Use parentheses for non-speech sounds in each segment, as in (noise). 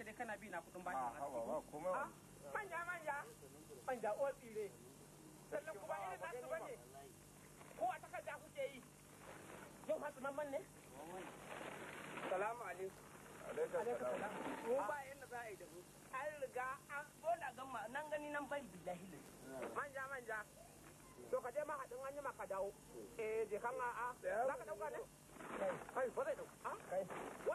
yake dai kana bi na kudin bashi na ah, kuma ah, manja manja manja uwar tsire sannan kuma irin nasu ba ne ko a takarda kuke yi yau hasu mamman ne salamu alaikum ko ba yadda za a yi da mu an riga an dole gama nan gani nan bai billahi ne manja manja to ka je ma haɗin an yi maka dawo eh je kan a za ka dauka ne kai ba zai dauka ah?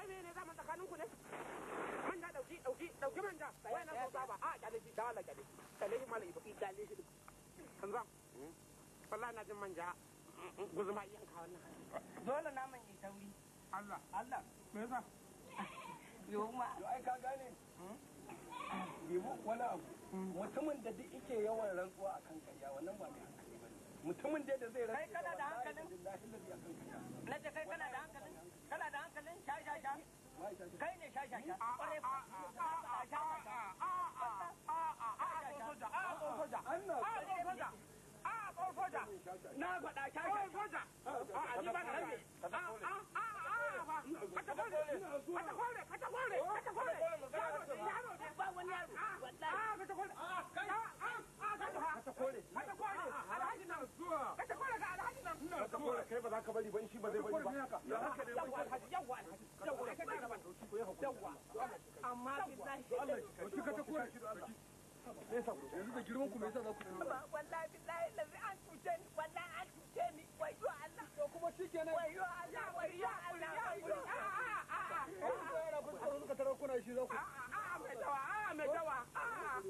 dauki da wai na so saba a kyale shi dala kyale shi kyale mala ibi kyale shi kanzan wallahi na jin manja guzuma wannan dole tauri Allah Allah me yasa yo ma yo ai ka gane Bibu hmm? wani abu mutumin da duk ike yawan rantsuwa a kan karya wannan ba mai hankali ba mutumin da da zai rantsuwa kana da hankalin na ce kai kana da hankalin kana da hankalin sha sha sha kai ne sha sha sha na faɗa kyakya ka kora kai ba a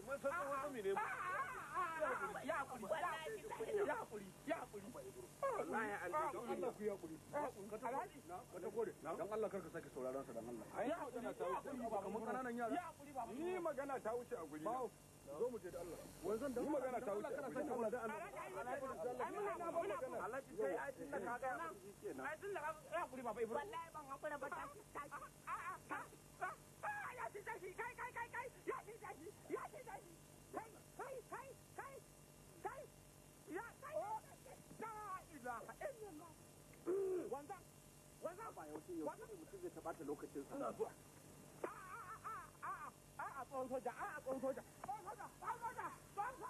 a a a a ya ya ya ya ka ta dan sa ba ba magana ta wuce a guri zo mu je da wanzan magana ta wuce ba ba a ci tashi kai kai kai kai ya ci ya ci yau zai taɓata lokacin sa zuwa a'a a'a a'a a'a tsohon soja a'a tsohon soja tsohon soja tsohon soja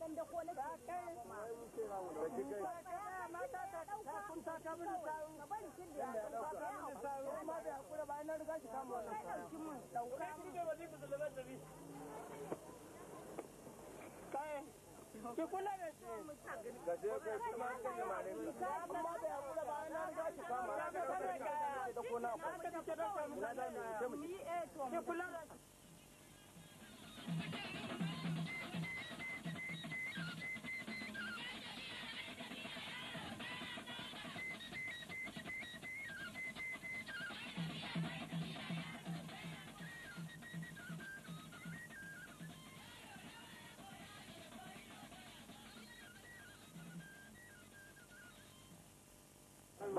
dan da ta mata ta ta ta ta ta ma kama wannan kai da kula da ka ka ka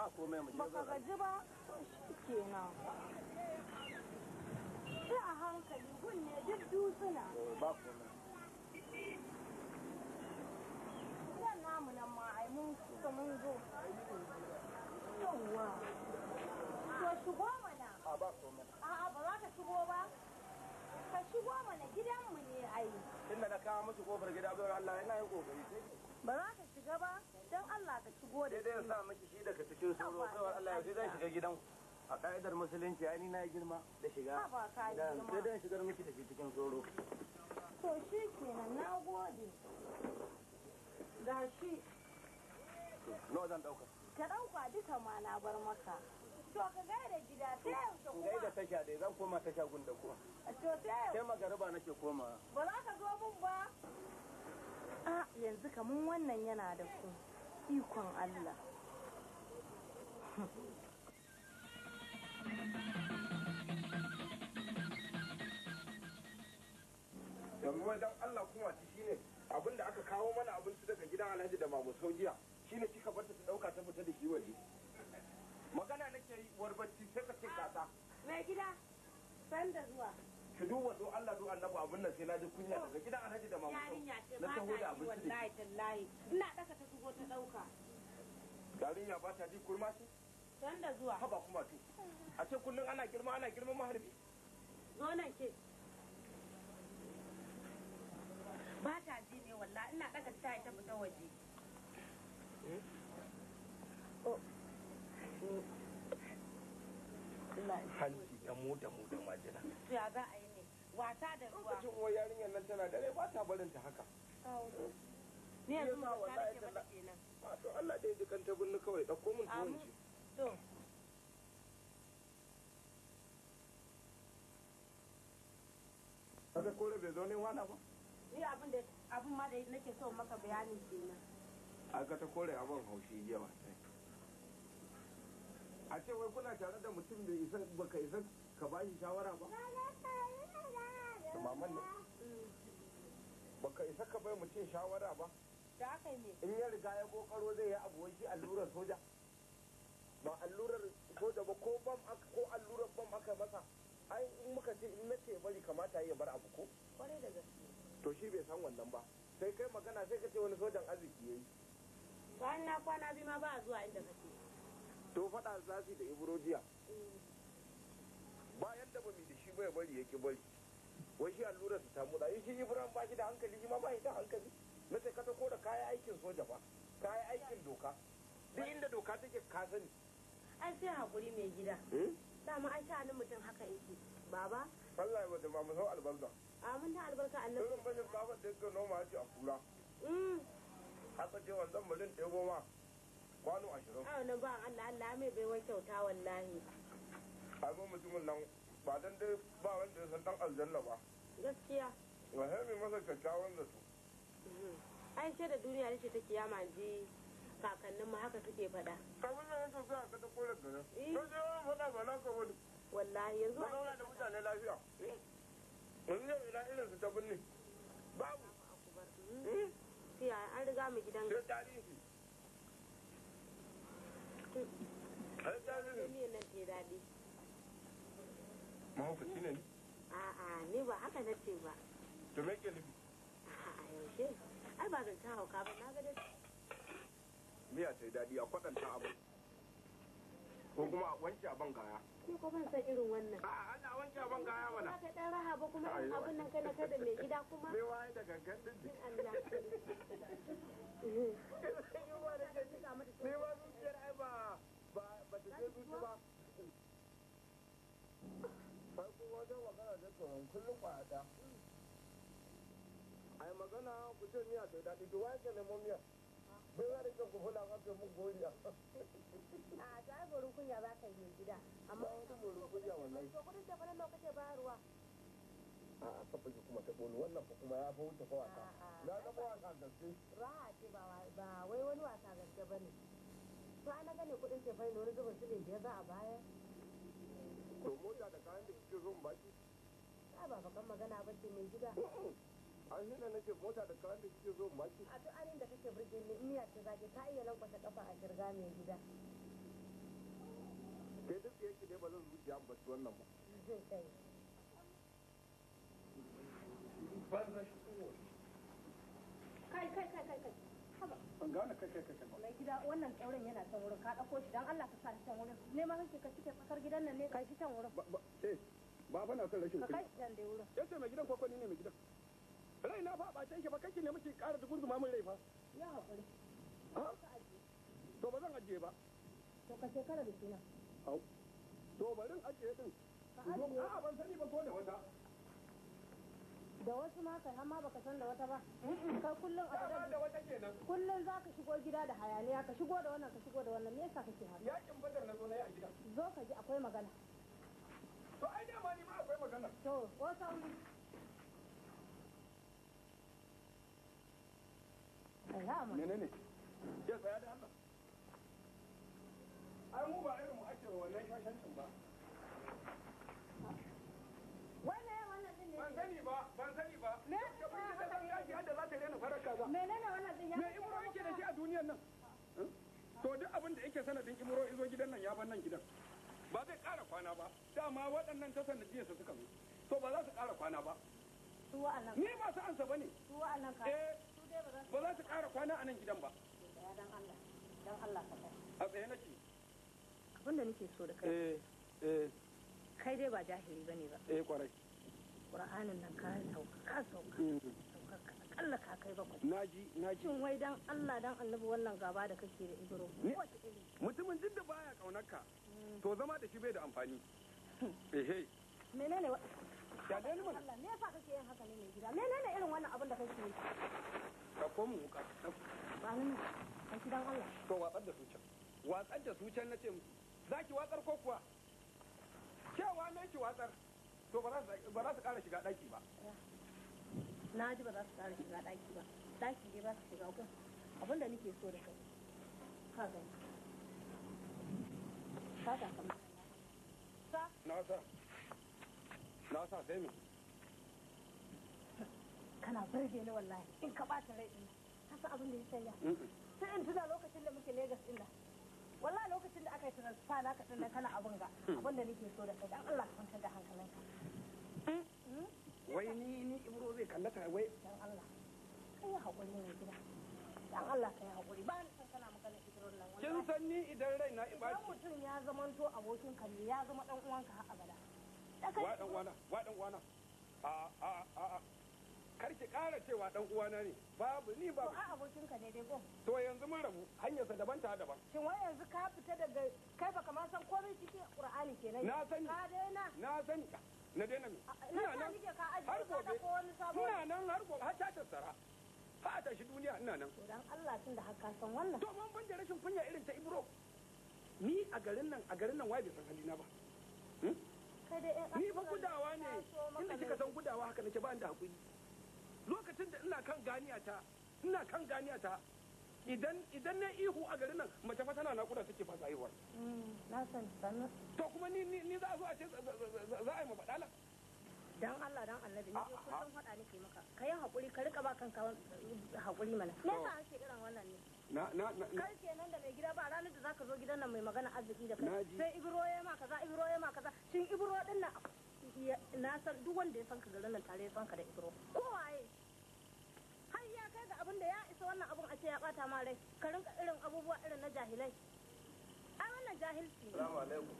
ba komai mu je ka gaji ba kenan sai a hankali gun ne duk dutsuna ba yan namu nan ma ai mun kusa mun zo yawwa to shigo mana a ba a'a ba za ka shigo ba ka shigo mana gidanmu ne ai na kawo musu kofar gida Allah yin kokari ba za ka shiga ba don Allah ka shigo da shi sai dai sa miki shi daga cikin sauro kawai Allah ya ji zan shiga gidan a ka'idar musulunci ai ni na girma da shiga Ha ba ka yi sai dai shigar miki da shi cikin sauro to shi kenan na gode ga shi nawa zan dauka ka dauka duka ma na bar maka to ka da gida ta yaushe kuma da tasha dai zan koma tasha gun da kuma to ta yau sai magariba nake koma ba za ka zo mun ba Ah, yanzu kamun wannan yana da ku ikon Allah dan Allah kuma ci shine abin da aka kawo mana abinci daga gidan Alhaji da Mamu shi ne kika barta ta dauka ta fita da shi waje magana nake yi warbacci sai ka ce gasa mai gida sanda da zuwa ki duba Allah annabi abun nan sai kunya daga gidan Alhaji da mamu na taho da abin wallahi tallahi ina daka ta shigo ta dauka yarinya ba ta ji kurma ce da zuwa haba kuma to a ce kullun ana girma ana girma maharbi zo ke ba ta ji ne wallahi ina daka ta ta fita waje oh. hanci da mu da mu da majina ya za a yi wasa da ruwa lokacin uwar yarinyar nan tana dare ba ta barin ta haka ni yanzu ma kenan Allah gunnu kawai mun tuwon to kaga kore bai zo ne ba ni abin da abin ma da nake so maka bayani kenan aka ta kore abin haushi jiya a ce wai kuna tare da mutum da isa baka isa ka ba shi shawara ba maman ne baka isa ka bai mutum shawara ba in ya riga ya kokaro zai yi abu shi allurar soja ba allurar soja ba ko bam aka ko allurar bam aka masa ai in muka ce in nace bari kamata ya bar abu ko to shi bai san wannan ba sai kai magana sai ka ce wani sojan arziki yayi kwana kwana bi ma ba zuwa inda kake to faɗa zafi da ibrojiya jiya eh. ba yadda ba mi da shi bai bari yake bari wai shi allura su ta muda shi ibrahim ba shi da hankali shi ma ba shi da hankali na sai ka tako da kayan aikin soja ba kayan aikin doka duk inda doka take ka sani ai sai hakuri mai gida hmm? dama sha ni mutum haka yake baba wallahi wata ba mu sau albarka amin ta albarka annabi irin bashin babar da yake noma haji a kula haka ce wanzan mulin ta goma kwano ashirin a wannan ba Allah Allah mai baiwa kyauta wallahi abin mutumin nan ba dan dai ba wanda ya san dan aljanna ba gaskiya wa mai masa kyakkyawan da su mhm. ai sai da duniya ne ce ta kiyama ji kakannin mu haka suke faɗa kamar da yake zuwa ka ta kore gare eh. to sai wani faɗa ba na ka wani wallahi yanzu ba zauna da mutane lafiya eh. yanzu yau ina irin su ta binne babu mhm. eh. siya an riga mu gidan ga tarihi ai tarihi ne nan ke daɗi ne a'a ni ba haka na ce ba to me ke nufi a yaushe ai ba zan ta hauka ba na ga dai miya ta yi daɗi a kwaɗanta abu ko kuma a wanke a ko ban san irin wannan a'a ana wanke a mana ka raha ba kuma abin nan kai na mai gida kuma me waye da gangan din Allah (laughs) zuciyar ai ba ba ta ba tsoron kullum kwada a yi magana ku ce miya sai daɗi miya bai za da ku fula ke mun goriya a kunya ka yi gida amma kunya wallahi to kudin fara lokaci ba ruwa a a kafa ki kuma ta bolo wannan kuma ya fa wuce fa wasa na ga fa wasa gaske ra'a ce ba wai wani wasa gaske bane to ana gane kudin ce zubin su ne za a baya to mota da kayan da kike zo mu baki a ba bakan magana ba ce mai gida an shi nake mota da da kike zo maki a duk anin da kake ta zage ta iya kafa a mai gida kai duk yake ba zan zuciya ba ci wannan ba kai kai kai kai kai ban gane kai kai kai ba mai gida wannan tsauran yana can wurin ka dauko shi Allah ka sa shi can wurin ne ma ka cike tsakar gidan nan ne ka shi can wurin eh. ba fa na son rashin kunya ya ce mai gidan ko ne mai gidan rai na fa a ɓace ba fa kake ne muke ƙara tukun zuma min rai fa ya haƙuri to ba zan ajiye ba to ka shekara da suna au to bari ajiye din a ban sani ba ko da wata da wasu ma kai amma baka san da wata ba ka kullum a gaba da wata kenan kullum zaka shigo gida da hayaniya ka shigo da wannan ka shigo da wannan me yasa kake haka yakin badar na zo na yi a gida zo ka ji akwai magana to ai dama ni ma akwai magana to wata wuri Menene? tsaya da Allah. Ai mu ba irin mu ake wannan shashancin ba. Wannan wannan din ne. Ban sani ba, ban sani ba. Me? Ka bi da san yaki hadda za ta rena Menene wannan din ya? Me imro yake da shi a duniyar nan? Hmm? To duk abin da yake sanadin imro izo gidan nan ya ban nan gidan. ba zai ƙara kwana ba dama waɗannan ta sanadiyar su suka zo to ba za su ƙara kwana ba ni ba su ansa ba ne eh, ba za su ƙara kwana a nan gidan ba a tsaye nake abin da nake so da kai eh, eh. kai dai ba jahili ba ne ba eh kwarai ƙura'anin nan ka sauka ka sauka mm. Allah ka kai bakwai naji naji shin wai dan Allah dan annabi wannan gaba da kake da ibro mutumin jin da baya ka. Hmm. to zama da shi bai da amfani hmm. ehe menene wa ya dai ni Allah me yasa kake yin haka ne mai gida menene irin wannan abin da kake yi ka komu ka ba ni a gidan Allah to watsar da su watsar da su can nace musu zaki watsar ko kuwa cewa ne ki watsar to ba za su ƙara shiga ɗaki ba na ji ba za su kara shiga ɗaki ba ɗaki dai ba su shiga ko abin da nake so da kai ka gani ka ga kamar sa na sa na sa sai me kana burge ni wallahi in ka ɓata rai ɗin ka san abin da ya sanya sai in tuna lokacin da muke Legas din nan wallahi lokacin da aka yi sa na ka tunan kana abin ga mm. abin da nake so da kai dan Allah ka kwantar da hankalinka mm. Mm. wai ni ni ibro zai kallata wai dan Allah kai hakuri ne gida dan Allah kai hakuri ba ni san kana magana nan kin san ni idan rai na ibaci idan mutum ya zamanto abokin ka ya zama dan uwanka har abada wa dan uwana wa dan uwana a a a kar ki kara cewa dan uwana ne babu ni babu a abokin ka ne dai ko to yanzu mun rabu hanyar sa daban ta daban shin wai yanzu ka fita daga kai baka ma san komai cikin qur'ani kenan na sani ka dai na na sani na daina me ina nan har gobe ina nan har gobe har ta tsara ha a tashi duniya ina nan to dan Allah tun da haka san wannan to mun ban da rashin kunya irin ta Ibro ni a garin nan a garin nan waye bai san halina ba hmm? ni fa gudawa ne inda kika san gudawa haka nake ba inda hakuri lokacin da ina kan ganiya ta ina kan ganiya ta idan idan na ihu a garin nan mace fa tana nakuda take ba haihuwa mm, na san sannan to kuma ni ni za a zo a ce za a yi mafadala dan Allah dan annabi ne kullum fada nake maka kai hakuri ka rika ba kanka hakuri mana me yasa ake irin wannan ne na na na kai kenan da mai gida ba ranar da zaka zo gidan nan mai magana arziki da kai sai ibro ya maka za ibro ya maka za shin ibro din nan na san duk wanda ya san ka garin nan tare ya san ka da ibro kowaye abin ya isa wannan abin a ce ya bata ma rai ka rinka irin abubuwa irin na jahilai ai wannan jahilci ne salamu alaikum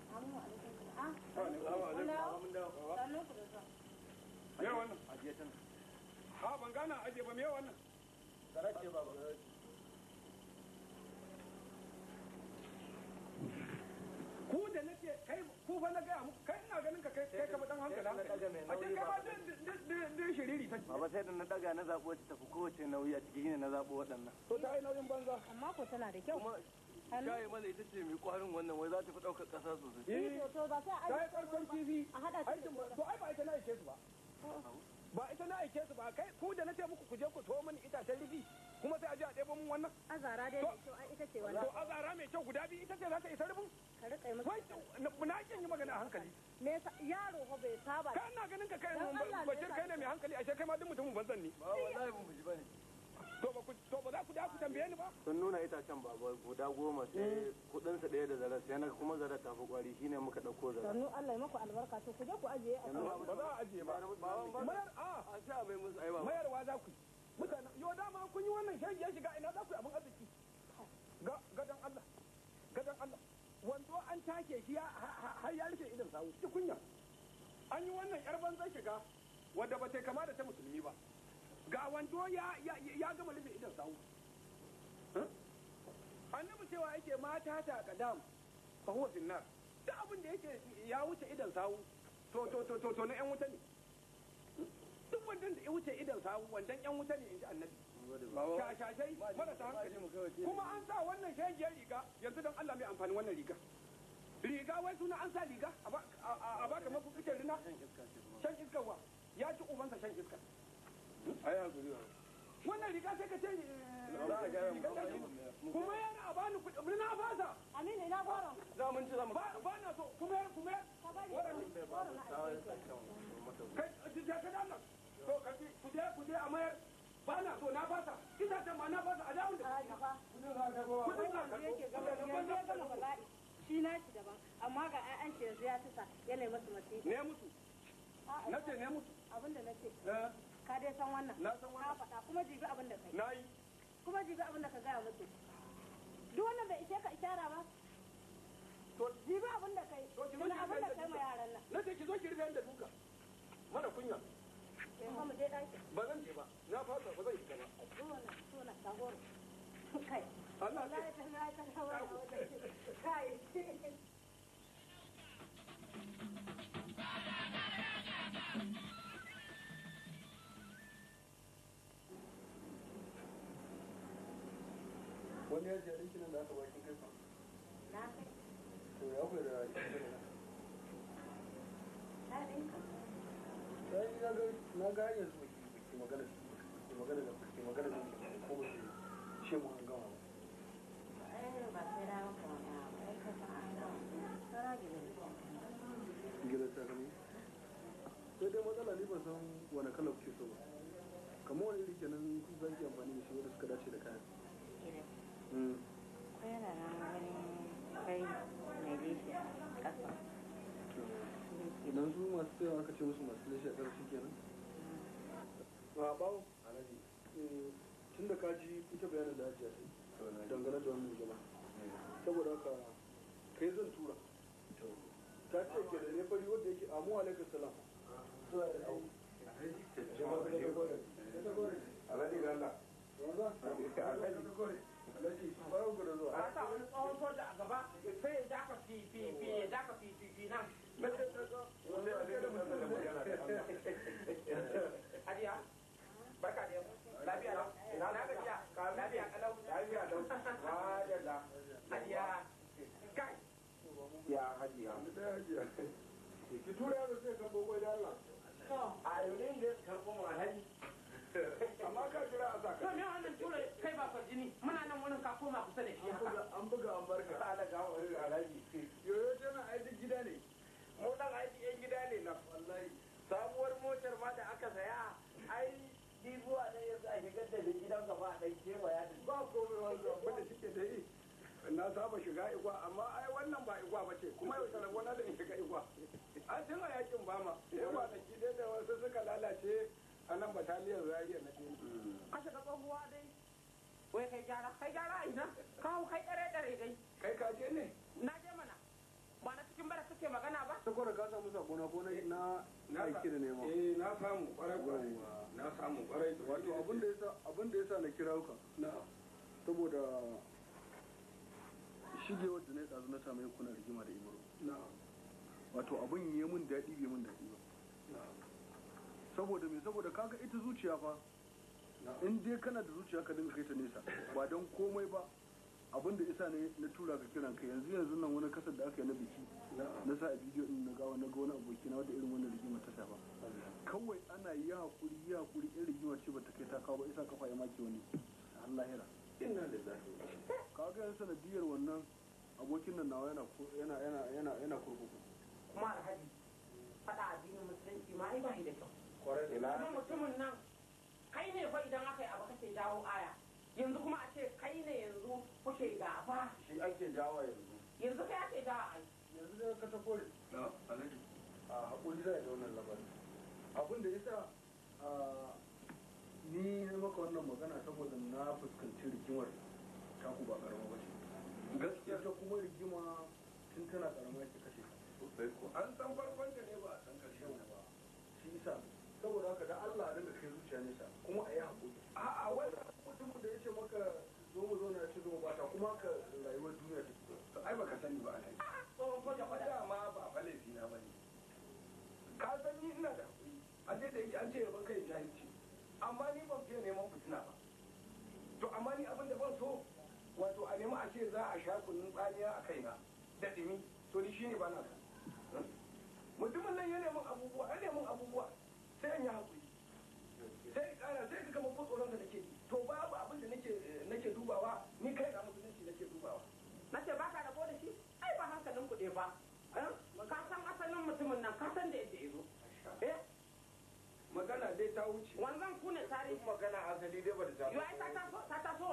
ku da nake kai ku fa na ga muku kai ina ganin ka kai ka dan hankala a kai ba jariri take baba sai da na daga na zabo ta tafi kowace nauyi a cikin na zabo waɗannan to ta yi nauyin banza amma ko tana da kyau kuma shayi mana ita ce mai kwarin wannan wai za ta fi ɗaukar ƙasa sosai eh, eh to ba sai ai ƙarfin kifi a hada to ai ba ita na aike su ba oh. ba ita na aike su ba kai ku da na ce muku ku je ku to mini itacen rufi kuma sai a je a ɗebo mun wannan azara dai mai kyau ita ce wannan to azara mai kyau guda biyu ita ce za ta isa rubun ka rika yi masa na kin yi magana a hankali me yasa yaro ho bai saba ka ina ganin ka kai mun bashir kai ne mai hankali ashe kai ma duk mutumin banzan ne ba wallahi mun ji bane to ba ku to ba za ku da ku tambaye ni ba sun nuna ita can ba guda goma sai eh. kudin sa ɗaya da zara sai na kuma zara ta fi kwari shine muka dauko zara. sannu Allah ya maku albarka to ku je ku ajiye a ba za a ajiye ba ba a ah, a sha mai musu aiwa mayarwa za ku yi mutane yo dama kun yi wannan shan ya shiga ina za ku abin arziki ga gadan Allah gadan Allah wando an take shi har ya rike idan sawu ki kunya an yi wannan yar banzan shiga wadda ba ta kama da ta musulmi ba ga wando ya ya gama rufe idan sawu annabi cewa yake mata ta kadam fa huwa finnar duk abin da yake ya wuce idan sawu to to to to na yan wuta ne wandan da ya wuce idan sa wandan yan wuta ne inji annabi shashashai marasa hankali kuma an sa wannan shagiyar riga yanzu don Allah mai amfani wannan riga riga wai suna an sa riga a baka mafukucin rina shan iskar wa ya ci ubansa shan iskar wannan riga sai ka ce eh, kuma yana a bani kuɗi na fasa amina ina fara za mun ci zama ba na so kuma kuma waɗanda kai ta ka dana to kaji ku je ku je a mayar ba na so na fasa ita ce ma na fasa a damun da kudin za ka gowa kudin za ka gowa shi na shi daban amma ga ƴaƴan shi yanzu ya tusa masu masu ne mutu na ce ne mutu abin da na ce ka dai san wannan na san wannan ka faɗa kuma jibi abin da kai na kuma jibi abin da ka gaya musu duk wannan bai ishe ka ishara ba jibi abin da kai to abin da kai ma yaran nan na ce ki zo ki rufe da duka mana kunya ba zan je ba na fasa ba zan fita ba wani ya jari kinan da aka bakin kai na kai to ya kuwa da ya kai na ɗinka na ga yanzu magana magana da ke magana da ko ce mu an gama ba sai da ba ka ta ta gani sai dai matsala ne ba san wani kalar so ba kamar wani iri kenan kun zan yi amfani da shi wanda suka dace da kayan hmm. ko yana nan wani kai mai leshi a ƙasa idan su masu tsayawa aka ce musu masu lashe a ƙarshe kenan ba a bawo alaji eh, tun da kaji ita bayanin da hajiya ta dangane da wannan jama saboda ka kai zan tura ta ce ke da ne fari wadda yake amu alaikar salam zuwa da Allah alaji ba ku da zuwa a ta wani tsawon da a gaba sai ya daka fi fi fi ya daka fi gaskiya hajiya ki tura sai da Allah a yaunin da ya karɓo ma amma ka jira a tura kai ba muna nan wurin ka koma kusa da shi haka an buga an barka wani alhaji yoyo aiki gida ne mu dan aiki yan gida ne na wallahi sabuwar motar ma da aka saya ai dibuwa ne a shigar da gidan a ɗan kewaya ba komai wannan abin da suke da yi na saba shiga igwa amma ai ba ce kuma yau tarabo na da kai igwa an tun a yakin ma. sai kwanaki dai da wasu suka lalace a nan bataliyar zariya na ɗin kashe ka tsohuwa dai wai kai gyara kai gyara a ina kawo kai ɗare ɗare dai kai ka je ne na je mana ba na cikin bara suke magana ba ta kora ka samu sako na gona na na aiki da nema eh na samu kwarai kwarai na samu kwarai wato abin da yasa abin da yasa na kira ka na saboda shigewar wadda na tsazu na sami kuna rigima da ibro wato abin yi mun daɗi bai mun daɗi ba saboda me saboda kaga ita zuciya fa in dai kana da zuciya ka dinga kai ta nesa ba don komai ba abin da isa ne na tura ka kiran ka yanzu yanzu nan wani kasar da aka yi na biki na sa a bidiyo din na gawa na ga wani aboki na wata irin wannan rigima ta ba kawai ana yi hakuri yi hakuri irin rigima ce ba ta kai ta kawo ba isa kafa ya maki wani Allah hira aka yi sanadiyar wannan abokin nan nawa yana yana yana kurkuku kuma alhaji faɗa addinin musulunci ma ai ba da kyau kwarai da kuma mutumin nan kai ne fa idan aka yi abu kake jawo aya yanzu kuma a ce kai ne yanzu kuke da ba. shi ake jawo yanzu yanzu kai ake jawo ai yanzu da ka tafi na alhaji a hakuri zai da wannan labarin abin da yasa ni na maka wannan magana saboda na fuskanci rigimar ta ku ba karama ba ce gaskiya ta kuma rigima tun tana karama ke kashe ta an san farkon ta ne ba a san ba shi isa saboda haka da Allah da kai zuciya nesa kuma a yi haƙuri a'a wani mutumin da ya ce maka zo mu zo na ci zo ba ta kuma ka rayuwar duniya ta ai baka sani ba ce za a sha kunun tsamiya a kaina da dimi to ni shine ba na ka mutumin nan ya nemi abubuwa ya nemi abubuwa sai an yi hakuri sai kara sai ka kama ko tsoron da nake to babu abin da nake nake dubawa ni kai da musulunci nake dubawa nace ba ka rabo da shi ai ba hankalin ku ɗaya ba eh? ka san asalin mutumin nan ka san da yadda ya zo magana dai ta wuce wannan ku ne tarihi magana asali dai ba da ta ta taso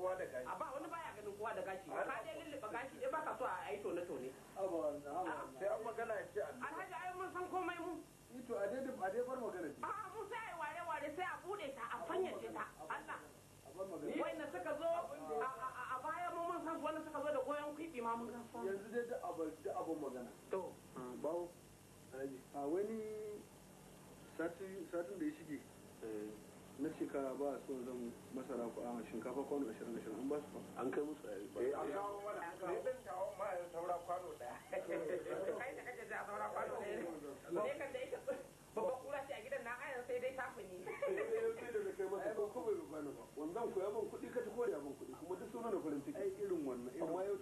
kowa da gashi a ba wani baya ganin kowa da gashi ka dai lulluɓa gashi dai baka so a yi tone tone sai an magana ya ce alhaji ai mun san komai mu ito a dai a dai bar magana ce a mun sai ai ware ware sai a bude ta a fanyace ta Allah wanda suka zo a baya mu mun san wanda suka zo da goyon kwibi ma mun san yanzu dai da abin abin magana to ah, bawo a ah, wani satin da ya shige eh. na shekara ba so zan masara ku a shinkafa kwano ashirin ashirin an ba su an kai musu a yi ba eh, a kawo mana an kawo zan ma saura kwano kai da kaje saura kwano babban kura shi a gidan na ayar sai dai tafi ne ko kuɗi ka ta kore kuma duk suna da farin ciki ai irin wannan amma yau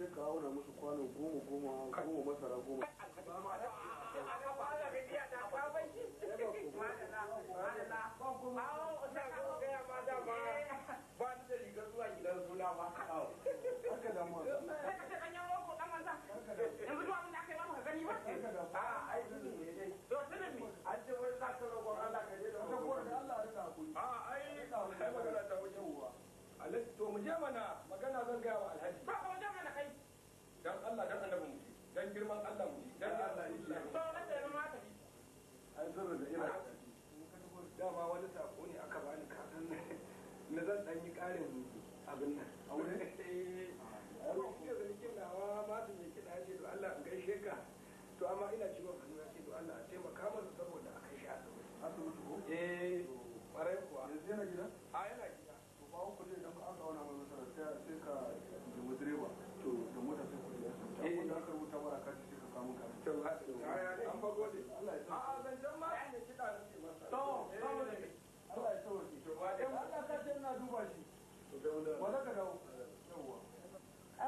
sai ka auna musu kwano goma goma goma masara goma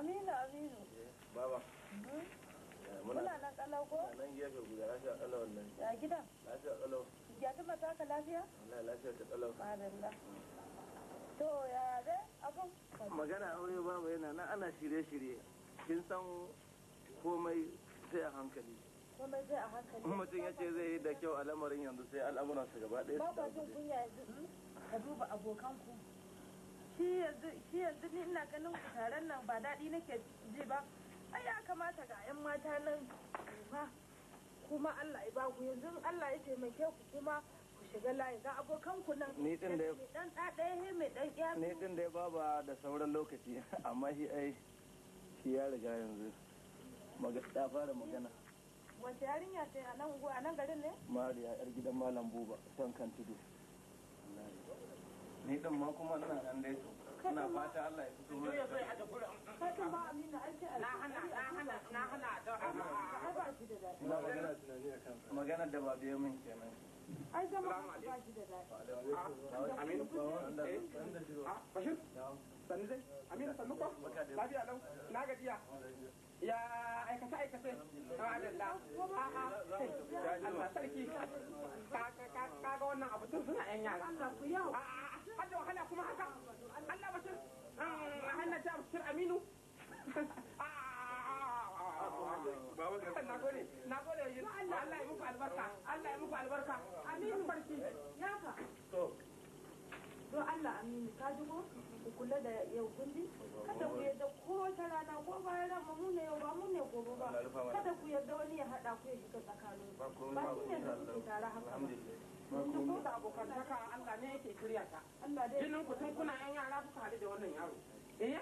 aminu aminu baba hmm? muna nan kalau ko nan gefe guda lafiya kalau ya mata ka lafiya magana aure babu yana nan ana shirye-shirye kin san komai sai a hankali komai mutum ya ce zai yi da kyau lamarin yanzu sai al'amuransa gaba ɗaya ba ba jin kunya yanzu hmm? ka duba abokan shi yanzu ni ina ganin taron nan ba daɗi nake ji ba ai ya kamata ga ƴan mata nan kuma kuma Allah ya ba ku yanzu Allah ya taimake ku kuma ku shiga layi ga abokan ku nan ni din da dan ɗaya mai dan ya ni din da baba da sauran lokaci (laughs) amma shi ai shi ya riga yanzu ta fara magana wace yarinya ce a nan garin ne mariya yar gidan malam buba son kan tudu ni din ma kuma ina nan dai to ina fata Allah ya fito mana da na hana na hana na hana da amma ba shi da dadi magana tunani da ba biyo min kenan ai zama ba da dadi ah, eh? ah, bashir dai ko na gajiya ya aikata aikata ah, Allah sarki ka ga wannan abu tun suna yan yara har da wahala kuma haka Allah bashir bashir aminu yi Allah Allah muku albarka Allah muku albarka aminu barki Allah aminu ka ko ku kula da yau kundi kada ku yadda ko ta rana ko bayan rama mu ne ba mu ne gobe ba kada ku yadda wani ya hada ku ya shiga tsakanin ba ne tare haka kun so da abokantaka Allah ne yake kirya ta jinin ku tun kuna yan yara kuka da wannan yaro eh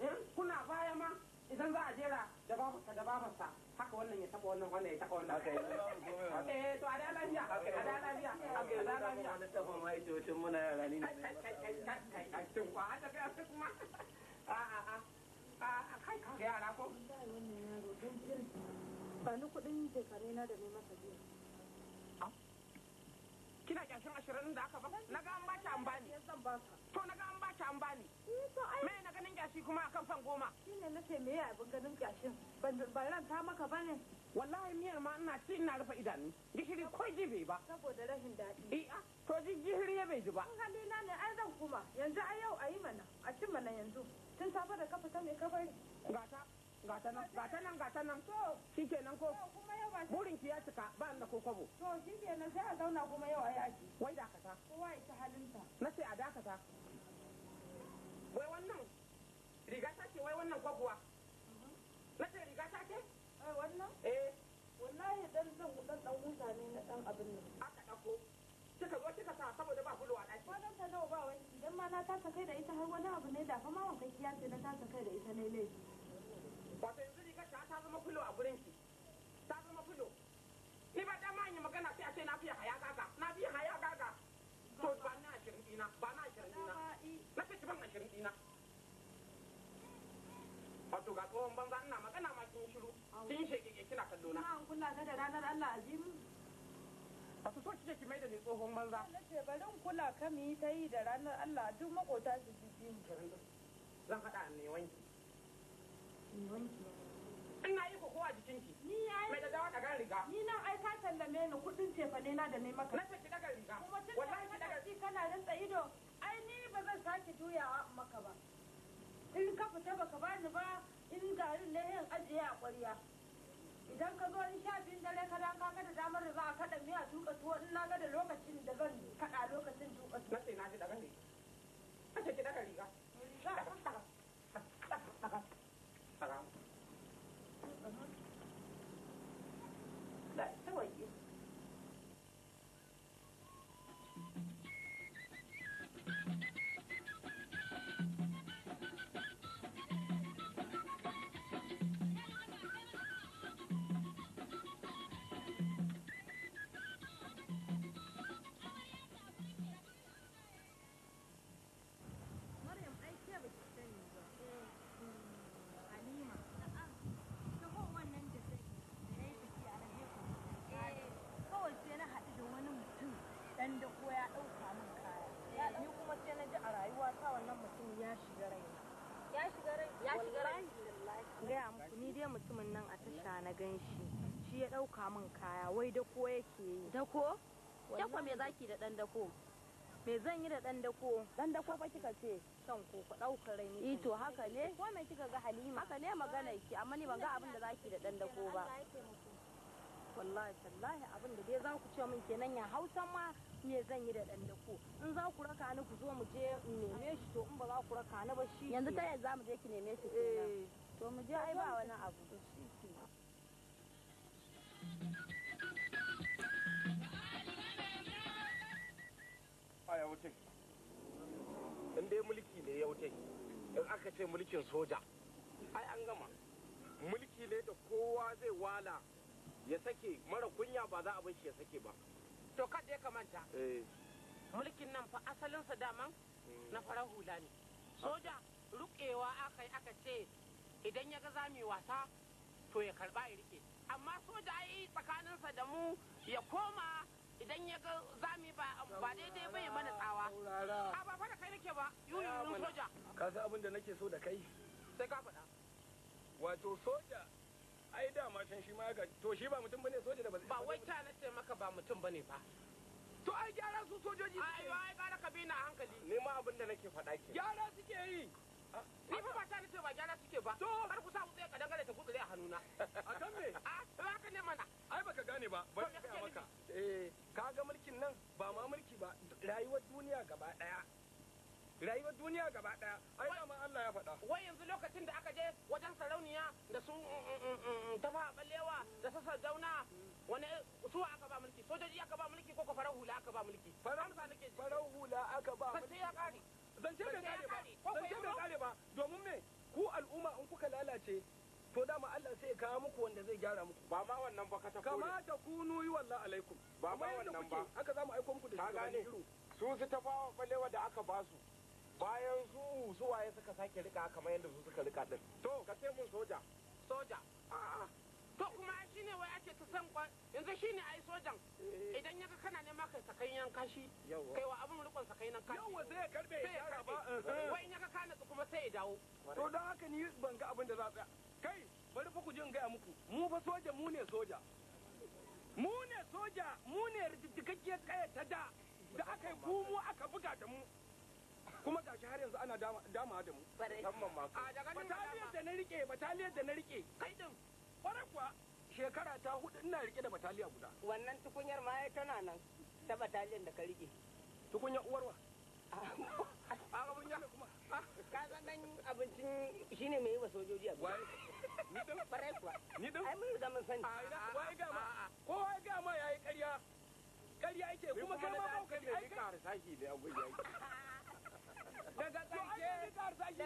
eh kuna baya ma idan za a jera da babarsa da babarsa haka wannan ya taba wannan wannan ya taba wannan to da lafiya lafiya lafiya da mai muna yara ne kwa a tafi a kuma a a a kai ka yara ko ba ni kudin jekare na da ne masa biyu kina kyashin ashirin da aka ba na ga an baki an bani to na ga an baki an bani eh, me na ganin kyashi kuma akan fan goma shine na ce ya abin ganin kyashin ban ban ta maka bane wallahi miyar ma ina ci ina rufe idanu gishiri ko bai ba saboda rahin daɗi eh ah, to gishiri ya bai ji ba in halina ne ai zan kuma yanzu a yau a yi mana a ci mana yanzu tun safe da kafa ta mai kafa ga ta gata nan gata nan gata nan to shikenan ko burin ki ya cika ba da ko kwabo to shikenan sai a zauna kuma yau a yaki wai dakata kowa ya ta halinta na sai a dakata wai wannan riga ta ce wai wannan kwabuwa mhm. na sai ta ce eh wannan eh wallahi dan zan dan dan huta ne na dan abin nan aka dako kika zo kika sa saboda ba gudu Ko dan ta ba wai idan ma na tasa kai da ita har wani abu ne da fa ma wankan kiyace na tasa kai da ita ne laifi. wato yanzu riga shi ta zama filo a gurin ki ta zama filo ni ba dama yi magana sai a ce na fiye haya gaga na fiye haya gaga to ba na ashirin dina ba na ashirin dina na ce ki ban ashirin dina wato ga tsohon banza ina magana ma kin shiru kin shege kina kallo na an kula da ranar Allah azimi su so ki ce ki mai da ni tsohon banza na ce bari in kula ka ta yi da ranar Allah duk makota su ji ji zan faɗa ne wanki ina yi kokowa jikinki mai da dawa daga riga ni nan ai ka sallame ni kudin cefane na da ne maka na tafi daga riga wallahi ki daga riga kana rantsa ido ai ni ba zan sake juyawa maka ba in ka fita ba ka bani ba in garin ne yin ajiye a ƙwarya idan ka zo in sha biyun dare ka dan ka da damar riba a kaɗa miya tuka tuwo in na ga da lokacin da zan kaɗa lokacin tuka tuwo. Na ce na ji daga riga. Na ce ki daga riga. dai mutumin nan a tasha na gan shi shi ya ɗauka min kaya wai dako yake yi dako dako me zaki da ɗan dako me zan yi da ɗan dako ɗan dako ba kika ce shan koko ɗaukar rai ne to haka ne ko me kika ga halima haka ne magana ki amma ni ban ga abin da zaki da ɗan dako ba wallahi tallahi abin da dai za ku ce min kenan ya hausa ma me zan yi da dan dako in za ku raka ni ku zo mu je neme shi to in ba za ku raka ni ba shi yanzu ta yanzu za mu je ki neme shi kenan eh. to mu je ai ba wani abu a yawutai in dai mulki ne ya wuce in aka ce mulkin soja ai an gama mulki ne da kowa zai wala ya sake mara kunya ba za a bar shi ya sake ba to kada ya kamanta eh. mulkin nan fa asalinsa daman na farar hula ne eh. soja rukewa aka yi aka ce idan ya ga za mu yi wasa to ya karba ya rike amma soja yi tsakaninsa da mu ya koma idan ya ga za mu ba ba daidai ba ya mana tsawa a ba fa da kai nake ba yuni soja ka san abin da nake so da kai sai ka faɗa wato soja ai da matan shi ma ga to shi ba mutum bane soja da ba ba wai ta nace maka ba mutum bane ba to ai gyara su sojoji ai ai ba ka bi na hankali ne ma abin da nake faɗa ke gyara suke yi Ni fa ba ta da ce ba gyara suke ba. To har ku samu tsaye ka gare ta gudure a hannuna. A kan me? A (laughs) ah, haka ne mana. Ai baka gane ba. Ba ka ga maka. Eh ka ga mulkin nan ba ma mulki ba rayuwar duniya gaba daya. rayuwar duniya gaba daya ai dama Allah ya faɗa wai yanzu lokacin da aka je wajen sarauniya da su mm, mm, mm, tafa ballewa da sassa zauna wani su aka ba mulki sojoji aka ba mulki ko ko farar hula aka ba mulki farar hula aka ba mulki sai ya kare zance bai kare ba zance bai kare ba domin me ku al'umma in kuka lalace to dama Allah sai ya kawo muku wanda zai gyara muku ba ma wannan ba ka ta kama ta kunu yi wallahi alaikum ba ma wannan ba haka zamu aiko muku da shugaban iru su su ta fawa balewa da aka ba su bayan su su waye suka sake rika kamar yadda su suka rika din to ka ce mun soja soja a'a shine wai ake ta san yanzu shine ai sojan eh. idan yaga kana ma kai sakai yan kashi kai wa abin rikon sakai nan kashi yawa sai ya karbe ya karbe wai in yaga kana kuma sai ya dawo to haka ni ban ga abin da za tsaya kai bari fa ku jin gaya muku mu fa soja mu ne soja mu ne soja mu ne kaya ta da da aka yi gumu aka buga da mu kuma gashi har yanzu ana dama da mu musamman ma da na rike bataliyar da na rike kai din kwarai kuwa shekara ta hudu ina rike da bataliya guda wannan tukunyar ma ya tana nan ta bataliyan da ka rike tukunyar uwarwa a ah, ah, abin yana kuma ah. ka san dan abincin ne mai yi wa ni dan farai kuwa ni dan ai mun mun sani a wai ga ma ga ma yayi ƙarya ƙarya yake kuma kai ma ba ka ka daga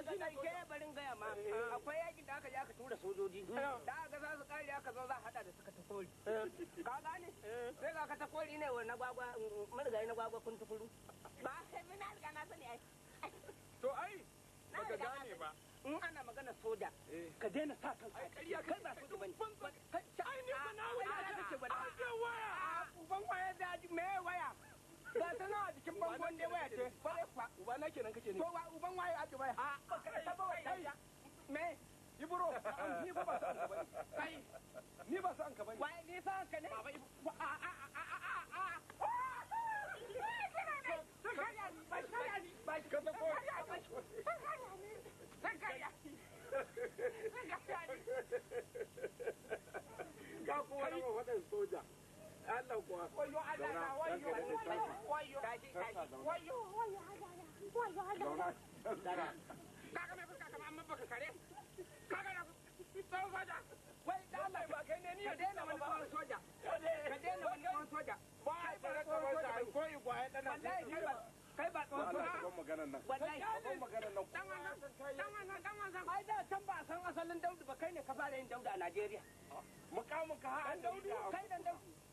ƙarshe barin gaya ma eh. akwai yakin da aka je aka tura sojoji eh. da aka za su kare aka zo za a hada da suka ta kori eh. ka gane sai ga ka ta kori ne wa na gwagwa mm, mm, na gwagwa kun tukuru ba sai riga na sani ai to ai gane ba in ana magana soja ka daina sa kan kai ba soja bane ai ne na ce ba da waya waya da me waya ba ta nawa jikin bangon dai waya ce ba uba na kenan kake ne to ba uban waye ake ta ba me (laughs) ni ba ba san ka bane kai ni ba san ka bane wai ni san ka ne baba a a a a a a Ka soja. Allah kuwa wayo Allah na wayo na da kai ba da san asalin Daudu ba kai ne ka fara yin Daudu a Najeriya mukamin Daudu kai Daudu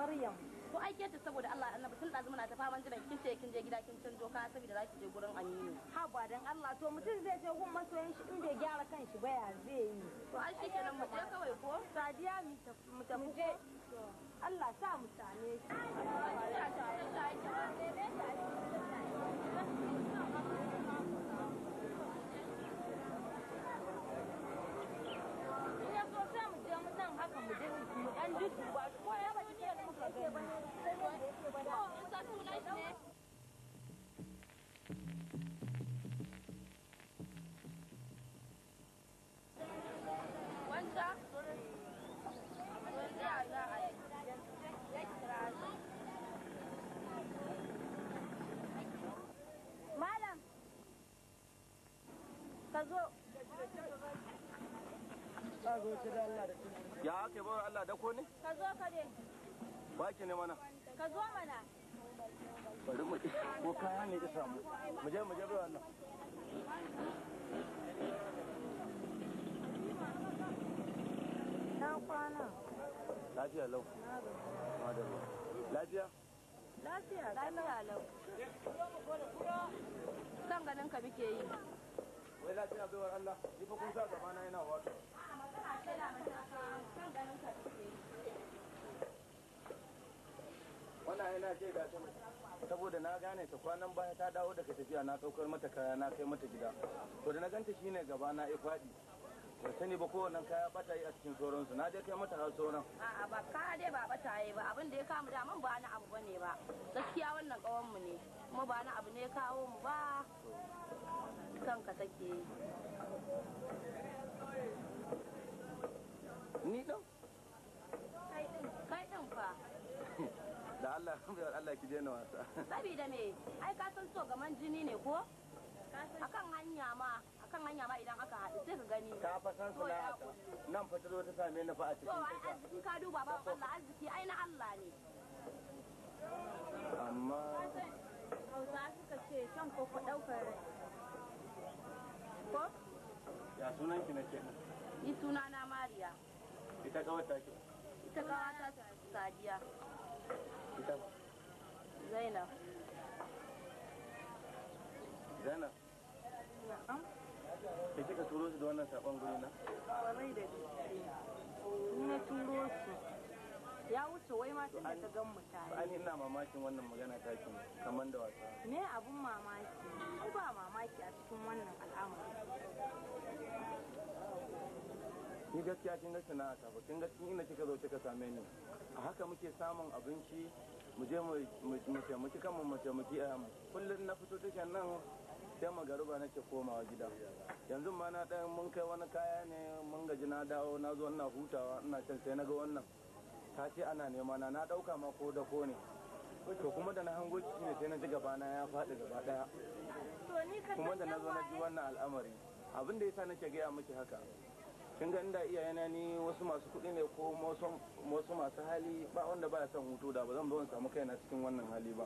maryam ko ai ke saboda Allah annabi tun da muna ta faman jira kin ce kin je gida kin canjo ka saboda zaki je gurin Aminu ha ba dan Allah to mutum zai je gun masoyan shi in bai gyara kanshi ba ya zai yi to ai shi kenan mu je kawai ko sadiya mu tafi mu tafi Allah sa mu same shi ya aka bar Allah da ko ne ka zo ka ne ba ki ne mana ka zo mana bari mu ko kaya ne isa samu mu je mu je bai wannan na kwana lafiya lau lafiya lafiya lafiya lau kan ganin ka muke yi wai lafiya baiwar Allah ni fa kun sa gaba na yana wato saboda na gane ta kwanan baya ta dawo daga tafiya na saukar mata kaya na kai mata gida to da na ganta shine gaba na yi faɗi ba sani ba kowane kaya bata yi a cikin sauransu na dai kai mata har sauran a'a ba kaya dai ba bata yi ba abin da ya kama daman ba na abu bane ba gaskiya wannan kawan mu ne kuma ba na abu ne kawo mu ba kanka take ni ɗan kai ɗin fa (laughs) da Allah bai Allah ki wasa sabida me ai ka san so gaman jini ne ko akan hanya ma akan hanya ma idan aka haɗu sai ka gani ka fa san sana'a nan fa ta ta same fa a cikin to ai arziki ka duba ba Allah arziki ai na Allah ne amma hausa suka ce shan koko ɗaukar rai ko ya sunan ki na kenan ni sunana Mariya ita kawai ta ke ita kawai ta sadiya ita ba zainab zainab da kika turo su da wannan sabon guri na? Kwarai da na turo su ya wuce wai ma tun da ta gan mutane. Ba ina mamakin wannan magana ta ki kamar da wasa. Me abun mamaki? Ko ba mamaki a cikin wannan al'amari? ni gaskiya kin ga sana'a ta ba kin ga kin ina kika zo kika same ni a haka muke samun abinci mu je mu muke kan mu taimaki a kullum na fito take nan sai magaruba nake komawa gida yanzu ma na dan mun kai wani kaya ne mun gaji na dawo na zo ina hutawa ina can sai na ga wannan ta ce ana nema na na ɗauka ma ko da ko ne to kuma da na hango ciki ne sai na ji gabana ya faɗi gaba ɗaya kuma da na zo na ji wannan al'amari abin da yasa nake gaya miki haka kin ga inda iyayena ni wasu masu kuɗi ne ko wasu masu hali ba wanda baya son hutu da ba zan zo in samu kai na cikin wannan hali ba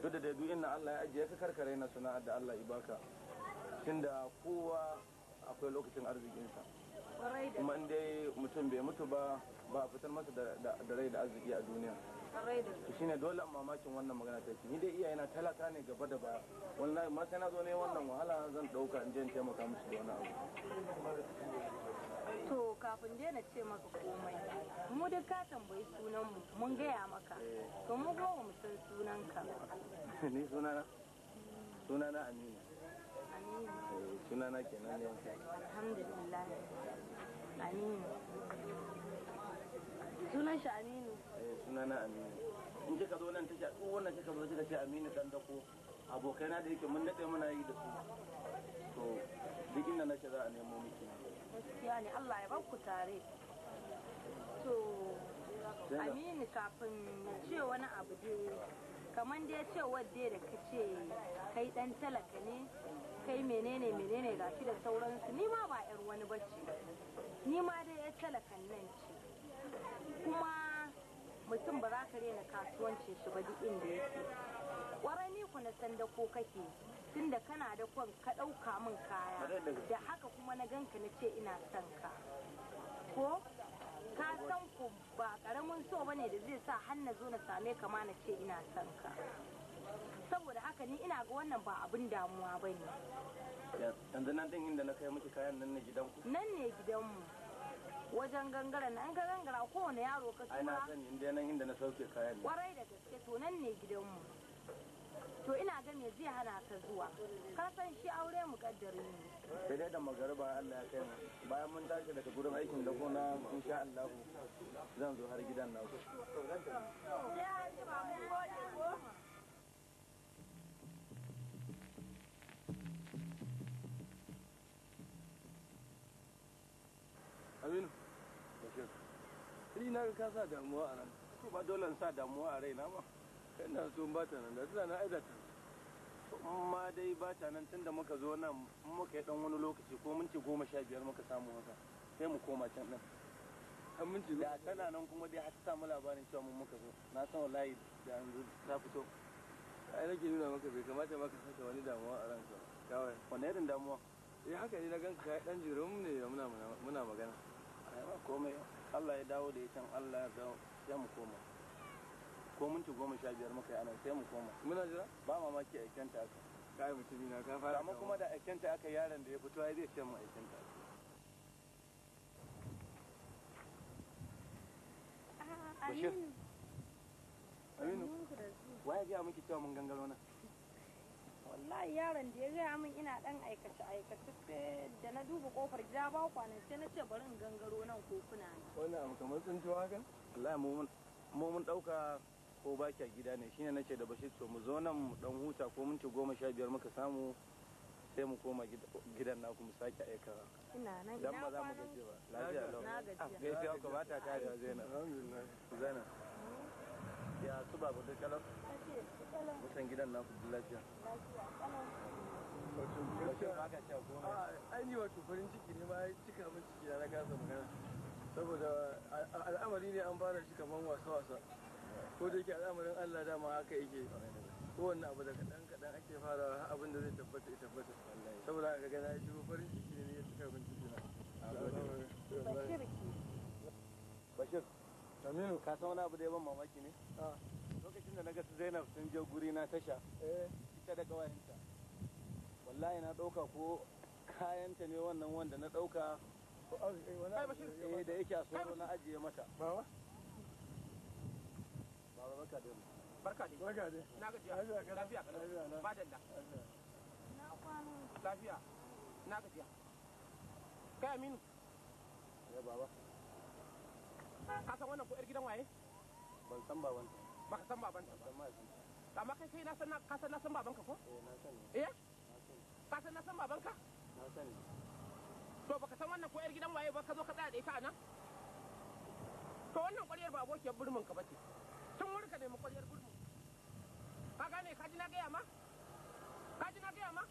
duk da dai duk inda Allah ya ajiye ka karkare na suna da Allah ibaka tunda kowa akwai lokacin arzikinsa kuma in mutum bai mutu ba ba a fitar masa da rai da arziki a duniya shine dole an mamakin wannan magana ta ni dai iyayena talaka ne gaba da baya wannan ma sai na zo ne wannan wahala zan dauka in je in taimaka musu da wani abu to kafin dai na ce maka komai mu duk ka tambayi sunan mu mun gaya maka to mu ga mu san sunan ka (laughs) ni sunana sunana Aminu Aminu eh, sunana kenan ne alhamdulillah Aminu sunan shi Aminu sunana aminu in kika zo nan tasha duk wannan kika zo kika ce aminu dan dako abokaina da yake mun nade muna yi da su to duk inda na za a nemo miki gaskiya ne Allah ya bar tare to aminu kafin na ce wani abu dai kamar dai ce wadda da ka ce kai dan talaka ne kai menene menene shi da sauransu ni ma ba yar wani bacci ni ma dai yar talakan nan ce kuma mutum ba za ka rena kasuwancin shi ba duk inda yake kwarai ni ku na san da ko kake tun da kana da kwan ka ɗauka min kaya da haka kuma na ganka na ce ina son ka ko ka san ku ba karamin so bane da zai sa har zo na same ka ma na ce ina son ka saboda haka ni ina ga wannan ba abin damuwa bane yanzu nan din inda na kai miki kayan nan ne gidanku nan ne mu. wajen gangara na an ga gangara kowane yaro ka tura ai na inda nan inda na sauke kayan ne kwarai da gaske to nan ne gidanmu to ina ga me zai hana ka zuwa ka san shi aure mu kaddare ne sai dai da magariba Allah ya kai mu bayan mun tashi daga gurin aikin da gona insha Allah zan zo har gidan na ku ji ka sa damuwa a ranka to ba dole in sa damuwa a raina ba ina so in bata nan da na aida ta ma dai ba ta nan tunda muka zo nan muka yi dan wani lokaci ko minti goma sha biyar muka samu haka sai mu koma can nan an minti da tana nan kuma dai har ta samu labarin cewa mun muka zo na san wallahi da yanzu ta fito ai nake nuna maka bai kamata ba ka saka wani damuwa a ranka kawai wani irin damuwa eh haka ne na ganka kai dan mu ne muna muna magana ai ba komai allah ya dawo da ya allah ya sai mu koma ko minti goma sha biyar muka yi anan sai mu koma muna jira ba mamaki a kyanta aka kai mutumi na ka fara amma kuma da a kyanta aka yaron da ya fito ai zai ce mu a kyanta aka ah, Bashir Aminu Aminu waye ga miki cewa mun gangaro nan wallahi yaron da ya gaya min ina dan aikace aikace da na duba kofar gida ba kwana sai na ce bari in gangaro nan ko kuna ne wani abu kamar tsintuwa haka wallahi mu mun dauka ko ba a gida ne shine nace da Bashir to mu zo nan mu dan huta ko minti goma sha biyar muka samu sai mu koma gidan na ku mu sake aika ina nan dan ba za mu gaje ba lafiya lau na gaje ah, gaje ko ba ta ta kare zainab alhamdulillah zainab ya su babu da kalau mutan gidan naku duk lafiya an yi wato farin ciki ne ma cika min ciki na kasa magana saboda al'amari ne an fara shi kamar wasa-wasa ko da yake al'amarin allah dama haka yake kowanne abu da kaɗan kaɗan ake farawa abin da zai tabbata tabbata saboda haka gana ya farin ciki ne ya cika min ciki na bashir wani abu da ya ban mamaki ne ah. da na ga su zainab sun je guri na tasha eh ita da ƙawayenta wallahi na dauka ko kayanta ne wannan wanda na dauka eh, eh da yake a tsoro na ajiye mata bawa bawa barka da barka da barka da na ga jiya lafiya ka ba dalla na kwano lafiya na ga jiya kai aminu eh baba ka san wannan ko yar gidan waye ban san ba wannan baka san baban ba amma kai kai na san ka san na san baban ko eh na san eh ka san na san na san to baka san wannan ko yar gidan waye ba ka zo ka tsaya da ita nan to wannan ƙwaryar ba abokiyar burmin ka bace tun murka nemi ƙwaryar burmin ka gane ka ji na gaya ma ka ji na gaya ma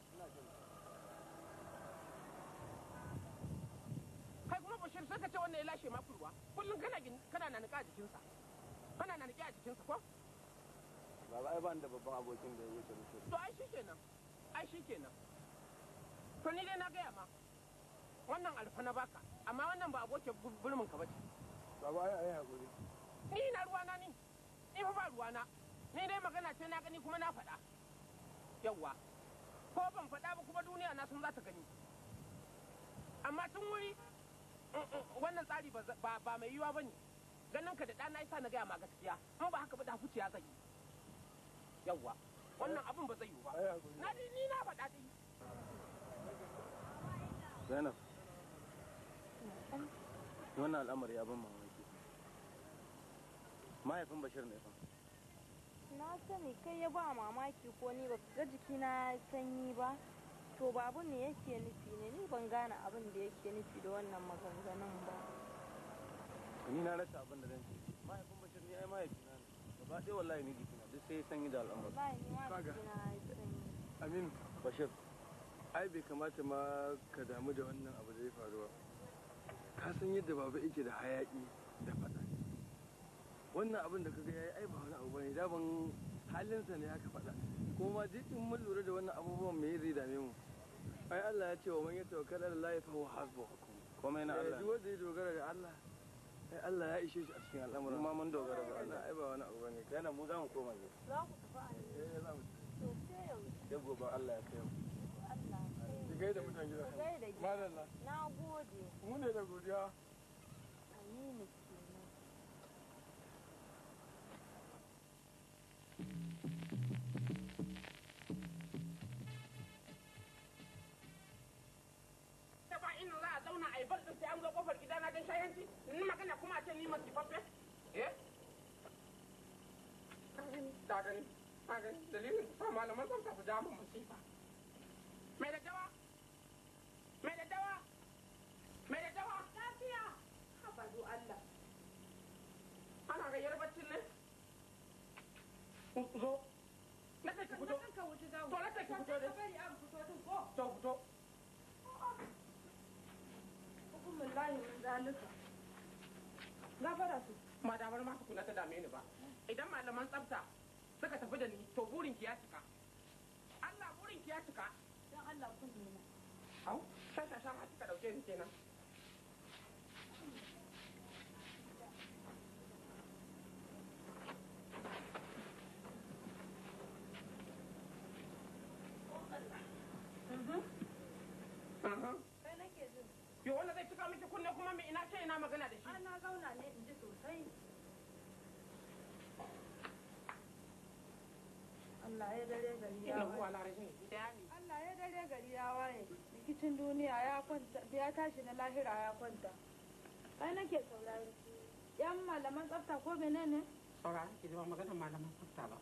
kai kuma bashir sai ka ce wannan ya lashe ma kurwa kullum kana kana na nika jikinsa kana na nake a jikinsa ko baba ai ban da babban abokin da ya wuce mutu to ai shi shikenan ai shi shikenan to ni dai na gaya ma wannan alfa na baka amma wannan ba abokin bulmin ka bace baba ai ai hakuri ni na ruwana ni ni fa ba ruwana ni dai magana ce na gani kuma na faɗa yawwa ko ban faɗa ba kuma duniya na sun za ta gani amma tun wuri mm, mm, wannan tsari ba mai yiwa ba ne ganin ka da ɗana yasa na gaya ma gaskiya in ba haka ba da huciya zan yi yawwa wannan abin ba zai yi ba na ni na faɗa dai Zainab wannan al'amari abin mamaki mahaifin Bashir ne fa na sani kai ya ba mamaki ko ni ba ga na sanyi ba to babu ne yake nufi ne ni ban gane abin da yake nufi da wannan maganganun ba ni na rasa abin da zan ce mahaifin bashir ni ai mahaifina ne gaba ɗaya wallahi ni jikina duk sai sanyi da al'amur. amin bashir ai bai kamata ma ka damu da wannan abu da faru ba. ka san yadda baba yake da hayaki da faɗa wannan abin da kaga yayi ai ba wani abu bane daban halinsa ne aka faɗa kuma duk in mun lura da wannan abubuwan me zai dame mu ai Allah ya ce wa man yatawakkal ala Allah fa huwa hasbuh komai na eh, Allah duk wanda ya dogara da Allah Allah ya ishe shi a cikin al'amura. kuma mun dogara ga Allah ai ba wani abu bane Kai kana mu za mu koma ne za ku tafi a eh za mu tafi to gobe Allah ya kai mu Allah ki gaida mutan gida ki gaida gida madalla na gode mu ne da godiya Amin. Thank you. ganganci in magana kuma a ce ni eh da gani da gani dalilin sa malaman tafi jamun mai da dawa mai da dawa mai da dawa lafiya habadu Allah ana gayyar baccin ne zo na kai ki fito to na kai ki fito dai bari an fito din ko to fito hukumin zalika na fara su madamar ta dame ni ba idan malaman tsafta suka tafi da ni to burin ki ya cika Allah burin ki ya cika dan Allah au sai ta sha ma kika dauke ni kenan mhm. kuma me ina ce ina magana da shi ana zauna ne in ji sosai Allah ya dare gari ya Allah ya dare gari ya waye rikicin duniya ya kwanta ya tashi na lahira ya kwanta ai nake saurari yan malaman tsafta ko ki maganar malaman tsafta ba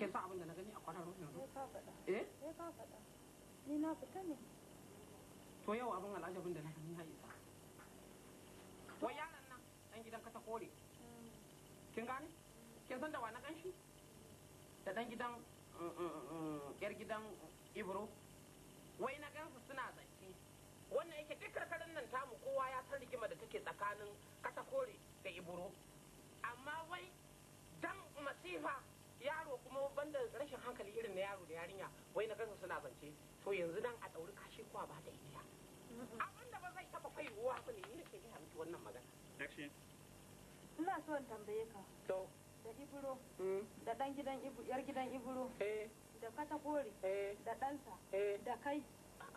ke sa abin da na gani a kwanar rufin eh, eh? eh ka faɗa ni na fita ne to yau abin al'ajabin da na gani ya sa wai yaran nan dan gidan ka ta kore kin gane kin san da wa na ganshi da ɗan gidan yar mm, mm, mm, gidan ibro wai na gansu suna zance wannan yake duk karkarin nan tamu kowa ya san rigima da take tsakanin katakore da Ibro amma wai dan masifa yaro kuma banda rashin hankali irin na yaro da yarinya wai na gansu suna zance to yanzu dan a ɗauri kashi kwa ba da ita abin da ba zai taba kwaiwuwa ba ne wannan magana ina so in tambaye ka da iburo hmm. da dan gidan yar gidan eh. da eh. da ɗansa eh. da kai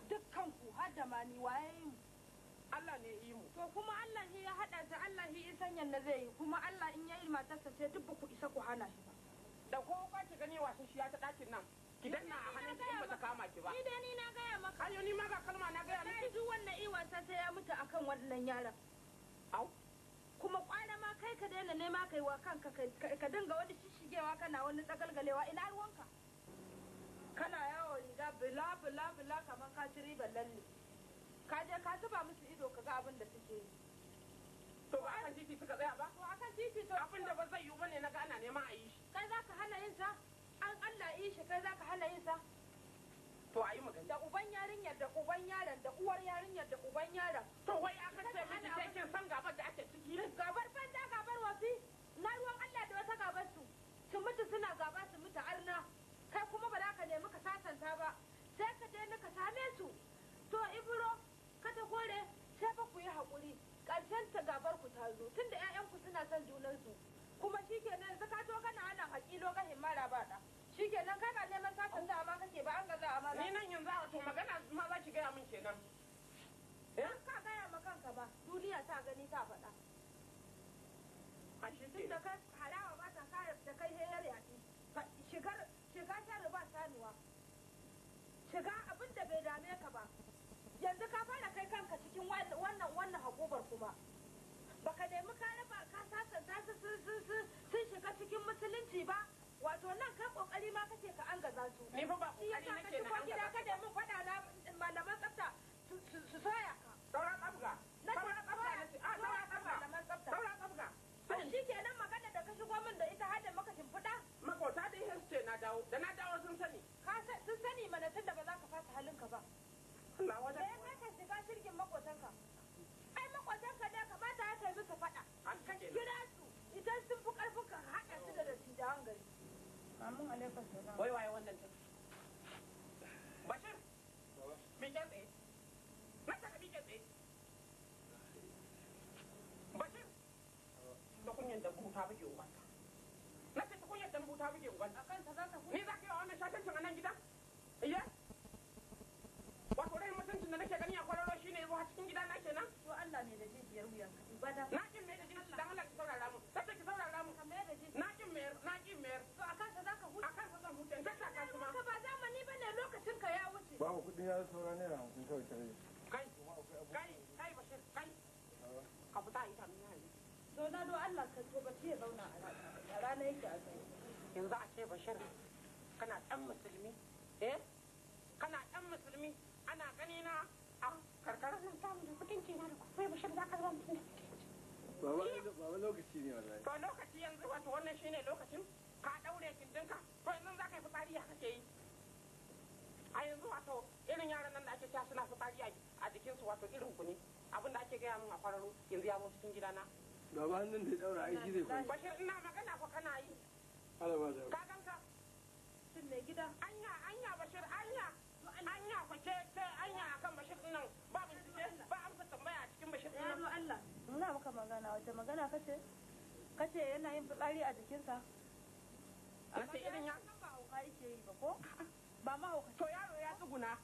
dukkan ku har da mani waye mu Allah ne yi mu to kuma Allah shi ya hada ta Allah shi ya sanya na zai yi kuma Allah in yayi matarsa sai duk ba ku isa ku hana shi ba da ko ka ki gani wasu shi ya ta dakin nan ki na a hannun ki ba ta kama ki ba ni dai ni na gaya maka ayo ni ma ga kalma na gaya miki duk wannan iwan sa sai ya mutu akan wannan yaran au kuma kwana ma kai ka daina nema kai wa kanka ka dinga wani shishigewa kana wani tsakalgalewa ina ruwanka kana yawo riga bila bila bila kamar ka ci riban lalle ka je ka zuba musu ido ka ga abin da suke yi to ba akan titi suka tsaya ba to akan titi to abin da ba zai yi bane na ga ana nema a yi shi kai za ka hana yin sa an Allah yi shi kai zaka hana yin sa to a yi magana da uban yarinyar da uban yaron da uwar yarinyar da uban yaron to wai aka ce miki sai kin san gabar da ake ciki gabar fanta gabar wasi na ruwan Allah da wata gabar su su mutu suna gaba su mutu arna kai kuma ba za ka nemi ka sasanta ba sai ka je ka same su to ibro ka ta kore sai fa ku yi haƙuri ƙarshen ta gabar ku ta zo tunda 'ya'yanku suna son junansu kuma shi yanzu ka to kana ana haƙi lokacin mara ba ɗan kenan kai ba neman satin da amma kake ba an gaza amma ni nan yanzu a to magana ma za ki gaya min kenan eh ka gaya ma kanka ba duniya ta gani ta faɗa a shi tun da kai halawa ba ta kare da kai heyar yaƙi shigar shiga sharri ba sanuwa shiga abin da bai dame ka ba yanzu ka fara kai kanka cikin wannan wannan haƙobar kuma baka nemi kare ba ka sasanta su sun shiga cikin musulunci ba wato nan ka kokari ma kake ka an gaza su ni fa ba kokari nake na an gida kada mun faɗa na malaman tsafta su soya ka saura na saura tsafga nace a ah, saura tsafta malaman tsafta saura tsafta to nan magana da ka shigo min da ita har da maka shimfiɗa makota da ihe ce na dawo da na dawo sun sani ka sun sani mana tun da ba za ka fasa halinka ba Allah wajen ka ya shiga shirkin makotanka ai makotanka ne kamata ya kai fada faɗa gida su idan sun fi karfin ka haɗa su da dattijawan gari Mamun alaikar salam. Wai waye wannan ta? Bashir. ke tsaye? mi ke tsaye. Bashir. Da kunyan dambu ta buge Na ce ta A kanta za ta Ni za ka yi wa wannan shatancin a nan gidan? Iya? Wato rai mutuncin da nake gani a kwararo shi ne a cikin gidana kenan? To Allah ne da jijiyar Ibada. babu kudin ya saura kawai kai kai kai bashir kai ka fita ita mun yayi to na do Allah ka to ba ce zauna a rana yake a tsaye yanzu a ce bashir kana dan musulmi eh kana dan musulmi ana gani na a karkarar nan kudin na bashir za ka zama mutum lokaci ne wallahi. To lokaci yanzu wato wannan shine lokacin ka daure kindinka ko yanzu za ka yi fitsari ya kake yi. a yanzu wato irin yaran nan da ake cewa suna fitsari a su wato irin ku ne abin da ake gaya min a kwararo yanzu ya cikin gidana gaba hannun da daura aiki zai kuma bashir ina magana ko kana yi alaba da ka ganka shin mai gida anya anya bashir anya anya ku ce ce anya akan bashir din nan ba bincike ba amsa tambaya a cikin bashir din nan Allah muna maka magana wata magana kace kace yana yin fitsari a jikinsa amma irin ya san ba hauka yake yi ba ko (laughs) ba mahaukaci to yaro ya tsuguna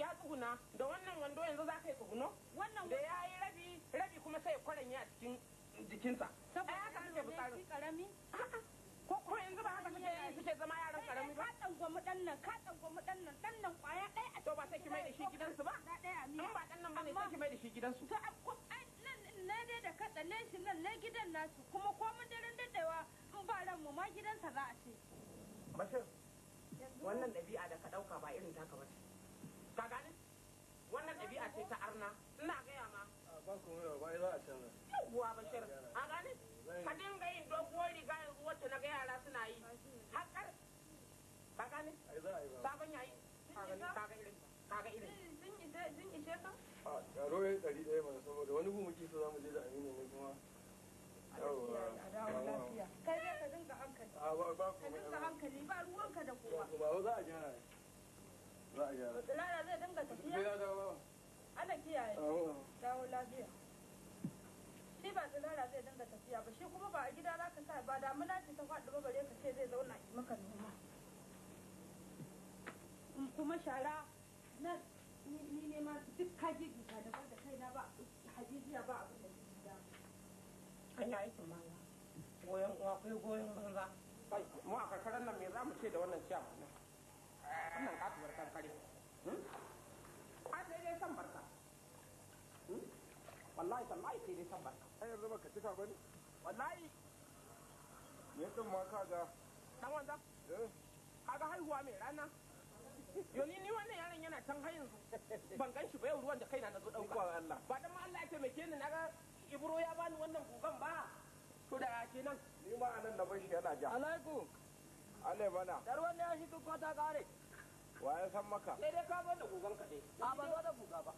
ya tsuguna da wannan wando yanzu za ka yi tsuguno wannan da ya yi rabi rabi kuma sai kwaranya ya cikin jikinsa saboda ya haka muke fitsarin karami ko ko yanzu ba haka suke yi suke zama yaran karami ba ka mu dan nan ka mu dan nan dan nan kwaya dai a to ba sai ki mai da shi gidansu ba in ba dan nan bane sai ki mai da shi gidansu to ne dai da ka tsalle shi nan ne gidan nasu kuma ko mun daren daddawa in ba ran mu ma gidansa za a ce bashir wannan ɗabi'a da ka ɗauka ba irin taka ba ka gani wannan ɗabi'a ce ta arna ina gaya ma ba ku ba za a canza yawwa a gani ka dinga yin doguwar riga yanzu wacce na ga yara suna yi haƙar ka sabon yayi ka irin je da aminu a ba ba ka hankali ba ruwanka da kowa ba za a gyara za a gyara zai dinga tafiya ana kiyaye dawo lafiya shi ba lara zai dinga tafiya ba shi kuma ba a gida za ka sa ba damuna ce ta faɗi ba bare ka ce zai zauna ki maka noma kuma shara na ni ne ma duk gita da da ba hajijiya ba abin da ke gida. aikin Goyon uwa, goyon banza. mu a karkarar nan me za mu ce da wannan ciyawa wannan katuwar kankare hmm? a sai dai san barka hmm? wallahi tallahi sai dai san barka ai yanzu baka cika ba ne wallahi me ma ka ga dan wanda eh. kaga haihuwa rana yoni ni wannan yaron yana can har yanzu ban gan shi ba yau ruwan da kaina na zo dauka ba dan ma Allah ya taimake ni naga ibro ya bani wannan gugan ba ku da yaki nan ni ma anan na bashi yana ja alaiku ale dar shi duk ta kare wa ya san maka sai dai ka bar da gugan ka dai a ba da guga ba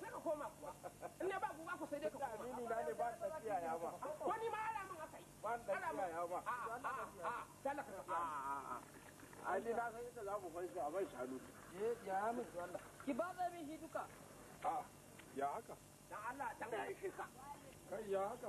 sai ka koma kuwa in ne ba guga ko sai dai ka koma ni ne ba ta ya ba ko ni ma ala mun akai ba ta tiya ya ba a a talaka a a ni na san yadda za mu fanshi a ban shanu je ya min Allah ki ba zai duka a ya haka dan Allah dan ya ka kai ya haka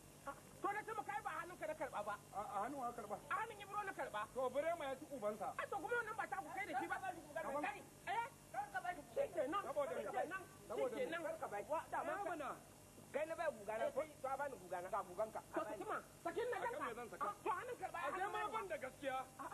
to na sama kai ba hannun ka na karba ba a hannun wa karba a hannun ibro na karba to bure ma ya ci ubansa a to kuma wannan ba ta ku kai da shi ba eh karka bai ku shi kenan saboda kenan saboda kenan karka bai wa da ma mana kai na bai na eh, ko eh. to a bani gugana ka guganka to kuma sakin na kanka ah, to hannun karba a je ma ban da gaskiya ah, ah.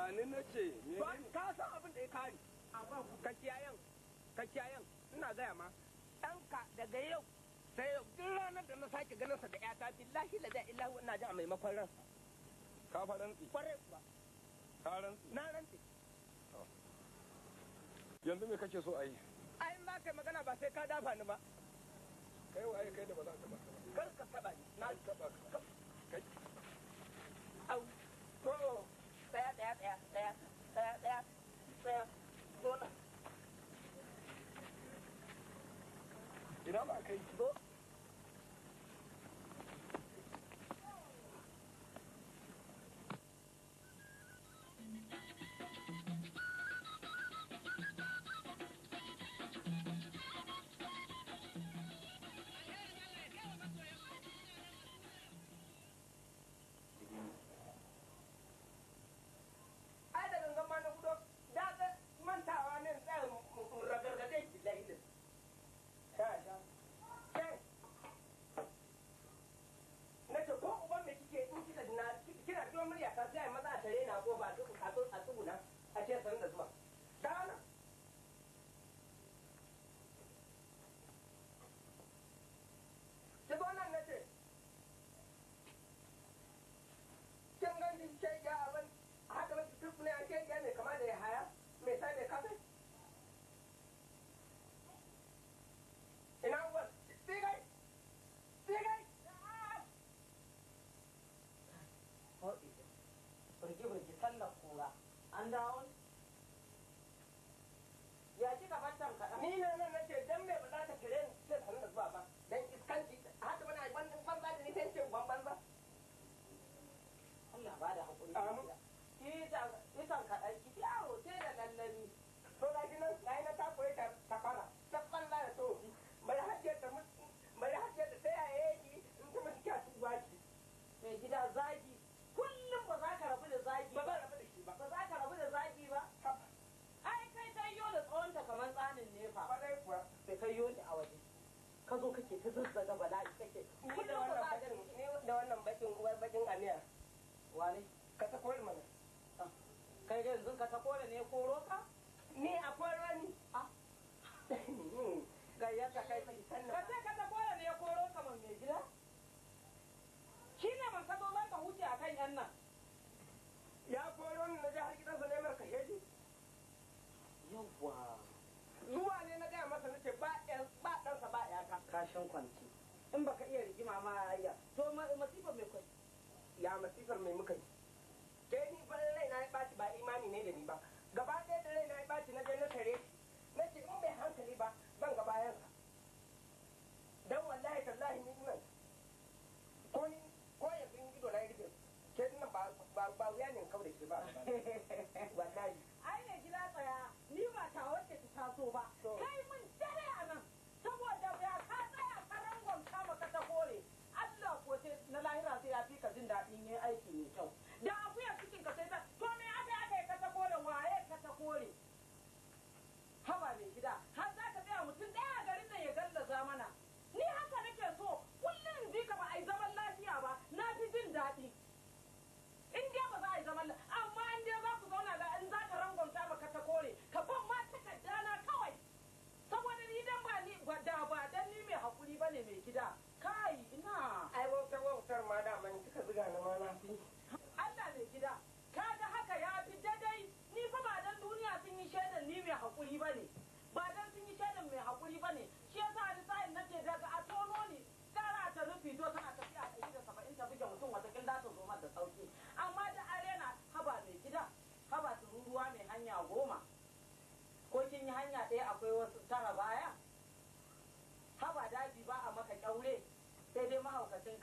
gani na ce ka san abin da ya kani amma ka kiyayen ka kiyayen ina gaya ma ɗanka daga yau sai yau duk ranar da na sake ganin sa da ƴata billahi la ilaha illa ina jin a maimakon ransa ka fa rantsi kwarai kuwa ka rantsi na rantsi yanzu me kake so a yi ai ma kai magana ba sai ka dafa ni ba kai wa ai kai da ba za ka taba kar ka taba ni na taba ka that, that, that's sundown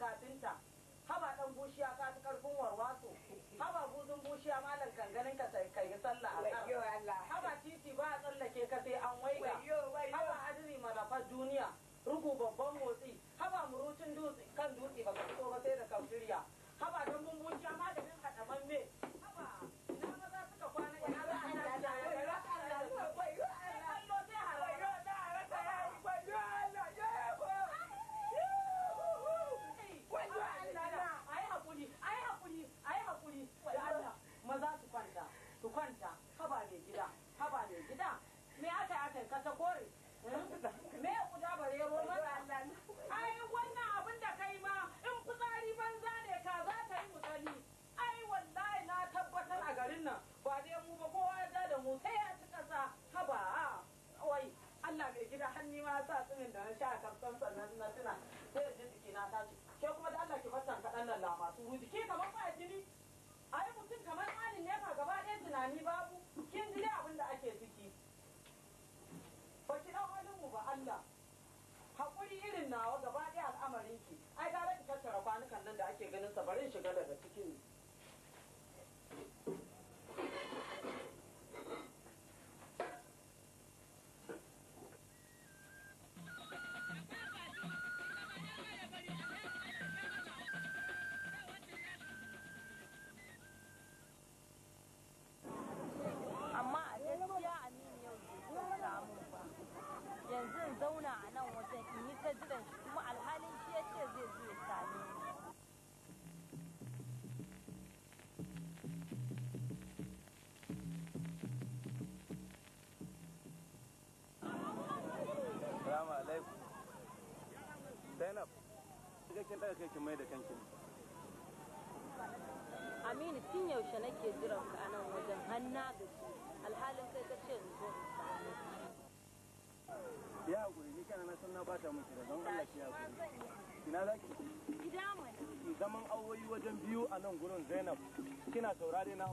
kafinta haba dan bushiya ka ta karfin warwaso haba buzun bushiya malam kanganin ka sai kai sallah haba titi ba a tsallake ka sai an waiga haba adiri marafar duniya rugu babban motsi haba murutun dutse kan dutse ba ka so ba sai da kafiriya me aka aka kasa kore hmm? me ya kuda bare roman ai wannan abin da kai ma in fitsari banza ne ka za ta yi mutani ai wallahi na tabbatar a garin nan ba dai mu ba kowa ya da mu sai ya ci kasa haba wai Allah mai gida hannu ma sa tsinin da na sha a kafsan sannan na tuna sai da jiki na tashi ke kuma da Allah ki fassan kaɗan nan lama su jiki kamar ba jini ai mutum kamar malin ne ba gaba ɗaya tunani babu kin ji abin da ake ciki Allah haƙuri irin nawa gaba ɗaya al'amarin ki ai gara ki tattara kwanukan nan da ake ganin sa barin shiga daga cikin kin daga kai kin mai da kanki ne Aminu tun yaushe nake jiran ka anan wajen hanna da shi alhalin kai ka ce zo ya guri ni kana na san na bata miki da don Allah ki ya guri ina zaki ki gida zaman awoyi wajen biyu a nan gurin Zainab kina saurare na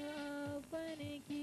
अपने की